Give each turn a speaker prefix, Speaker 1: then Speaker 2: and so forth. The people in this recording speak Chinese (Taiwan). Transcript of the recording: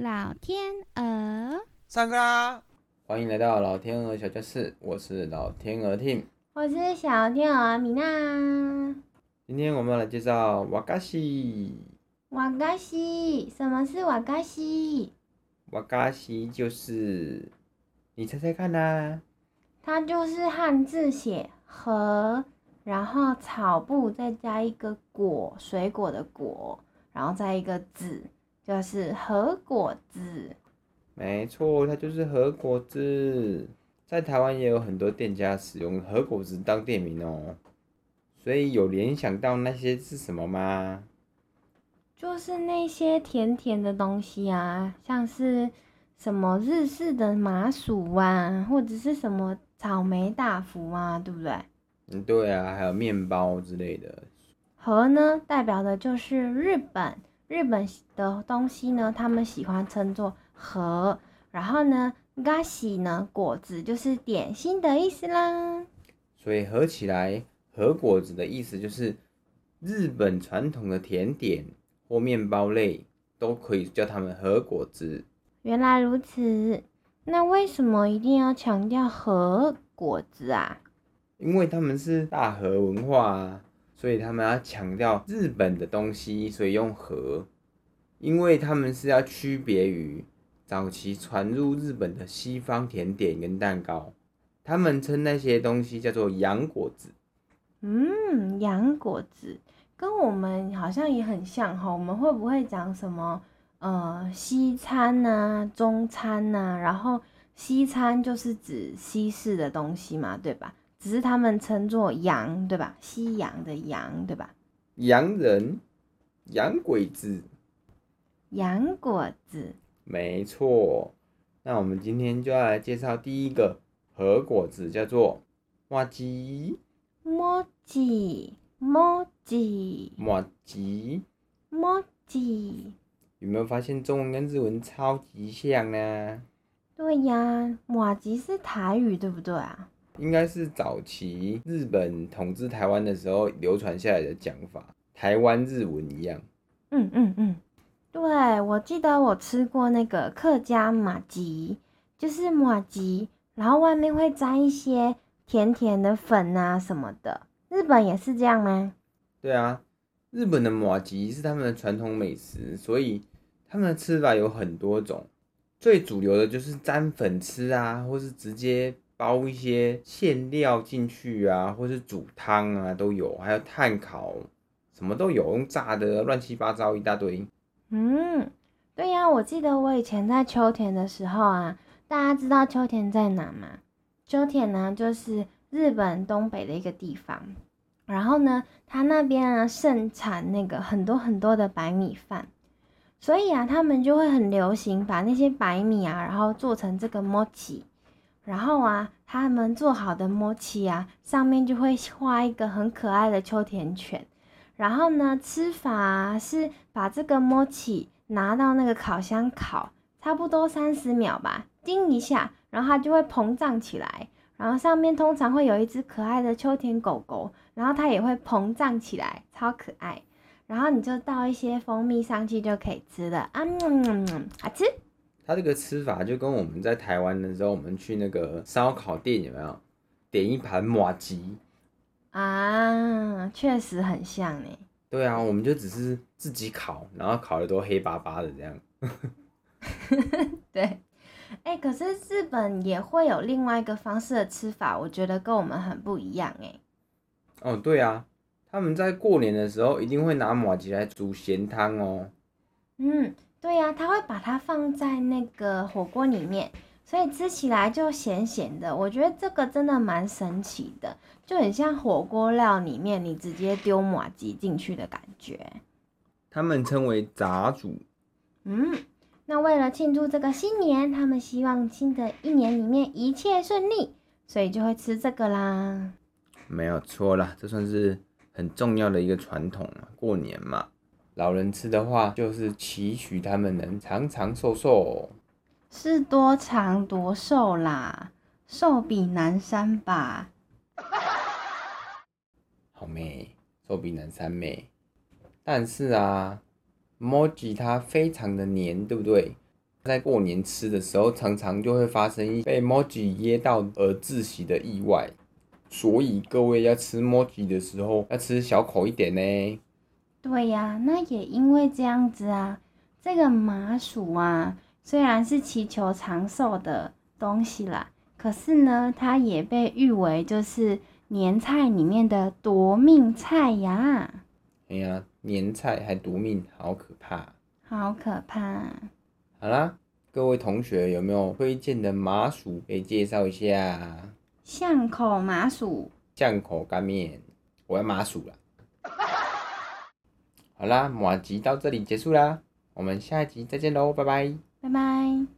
Speaker 1: 老天鵝，上課啦！
Speaker 2: 歡迎來到老天鵝小教室，我是老天鵝 Tim，
Speaker 1: 我是小天鵝米娜。
Speaker 2: 今天我們來介紹瓦加西。
Speaker 1: 瓦加西，什麼是瓦加西？
Speaker 2: 瓦加西就是，你猜猜看吶、啊。
Speaker 1: 它就是漢字寫“禾”，然後草部，再加一個“果”水果的“果”，然後再一個“子”。就是和果子，
Speaker 2: 沒錯，它就是和果子。在台灣也有很多店家使用和果子當店名哦、喔，所以有聯想到那些是什麼嗎？
Speaker 1: 就是那些甜甜的東西啊，像是什麼日式的麻糬啊，或者是什麼草莓大福啊，對不對？
Speaker 2: 嗯，對啊，還有麵包之類的。
Speaker 1: 和呢，代表的就是日本。日本的東西呢，他們喜歡稱作“和”，然後呢，嘎喜呢，果子就是點心的意思啦。
Speaker 2: 所以合起來，“和果子”的意思就是日本傳統的甜點或麵包類都可以叫他們“和果子”。
Speaker 1: 原來如此，那為什麼一定要強調“和果子”啊？
Speaker 2: 因為他們是大和文化啊。所以他們要強調日本的東西，所以用和，因為他們是要區別於早期傳入日本的西方甜點跟蛋糕，他們稱那些東西叫做洋果子。
Speaker 1: 嗯，洋果子跟我們好像也很像哈，我們會不會講什麼呃西餐吶、啊、中餐吶、啊，然後西餐就是指西式的東西嘛，對吧？只是他們稱作洋，對吧？西洋的洋，對吧？
Speaker 2: 洋人，洋鬼子，
Speaker 1: 洋果子。
Speaker 2: 沒錯，那我們今天就要來介紹第一個和果子，叫做麻糬。麻糬，
Speaker 1: 麻糬，麻糬，
Speaker 2: 麻糬。有
Speaker 1: 沒
Speaker 2: 有發現中文跟日文超級像呢、啊？
Speaker 1: 對呀，麻糬是台語，對不對啊？
Speaker 2: 應該是早期日本統治台灣的時候流傳下來的講法，台灣日文一樣。
Speaker 1: 嗯嗯嗯，對，我記得我吃過那個客家麻糬，就是麻糬，然後外面會沾一些甜甜的粉啊什麼的。日本也是這樣嗎、啊？
Speaker 2: 對啊，日本的麻糬是他們的傳統美食，所以他們吃的吃法有很多種，最主流的就是沾粉吃啊，或是直接。包一些餡料進去啊，或是煮湯啊，都有，還有炭烤，什麼都有，用炸的亂七八糟一大堆。
Speaker 1: 嗯，對呀，啊，我記得我以前在秋田的時候啊，大家知道秋田在哪嗎？秋田呢，就是日本東北的一個地方，然後呢，他那邊啊盛產那個很多很多的白米飯，所以啊，他們就會很流行把那些白米啊，然後做成這個 mochi。然後啊，他們做好的麻糬啊，上面就會畫一個很可愛的秋田犬。然後呢，吃法是把這個麻糬拿到那個烤箱烤，差不多三十秒吧，叮一下，然後它就會膨脹起來。然後上面通常會有一隻可愛的秋田狗狗，然後它也會膨脹起來，超可愛。然後你就倒一些蜂蜜上去就可以吃了啊，嗯，好吃。
Speaker 2: 它這個吃法就跟我們在台灣的時候，我們去那個燒烤店有沒有點一盤麻
Speaker 1: 糬啊？確實很像哎。
Speaker 2: 對啊，我們就只是自己烤，然後烤的都黑巴巴的這樣。
Speaker 1: 對，哎、欸，可是日本也會有另外一個方式的吃法，我覺得跟我們很不一樣哎。
Speaker 2: 哦，對啊，他們在過年的時候一定會拿麻糬來煮鹹湯哦。嗯。
Speaker 1: 對呀、啊，他會把它放在那個火鍋裡面，所以吃起來就鹹鹹的。我覺得這個真的蠻神奇的，就很像火鍋料裡面你直接丟麻糬進去的感覺。
Speaker 2: 他們稱為雜煮。
Speaker 1: 嗯，那為了慶祝這個新年，他們希望新的一年裡面一切順利，所以就會吃這個啦。
Speaker 2: 沒有錯啦，這算是很重要的一個傳統，過年嘛。老人吃的話，就是期許他們能長長壽壽，
Speaker 1: 是多長多壽啦，壽比南山吧。
Speaker 2: 好美，壽比南山美。但是啊，moji 它非常的黏，對不對？在過年吃的時候，常常就會發生一被 moji 噎到而窒息的意外，所以各位要吃 moji 的時候，要吃小口一點呢。
Speaker 1: 對呀、啊，那也因為這樣子啊，這個麻糬啊，雖然是祈求長壽的東西啦，可是呢，它也被譽為就是年菜裡面的奪命菜呀。
Speaker 2: 哎呀、啊，年菜還奪命，好可怕！
Speaker 1: 好可怕！
Speaker 2: 好啦，各位同學有沒有推薦的麻糬給介紹一下？
Speaker 1: 巷口麻糬、
Speaker 2: 巷口乾麵，我要麻糬啦。好啦，麻吉到這裡結束啦，我們下一集再見嘍，拜拜，
Speaker 1: 拜拜。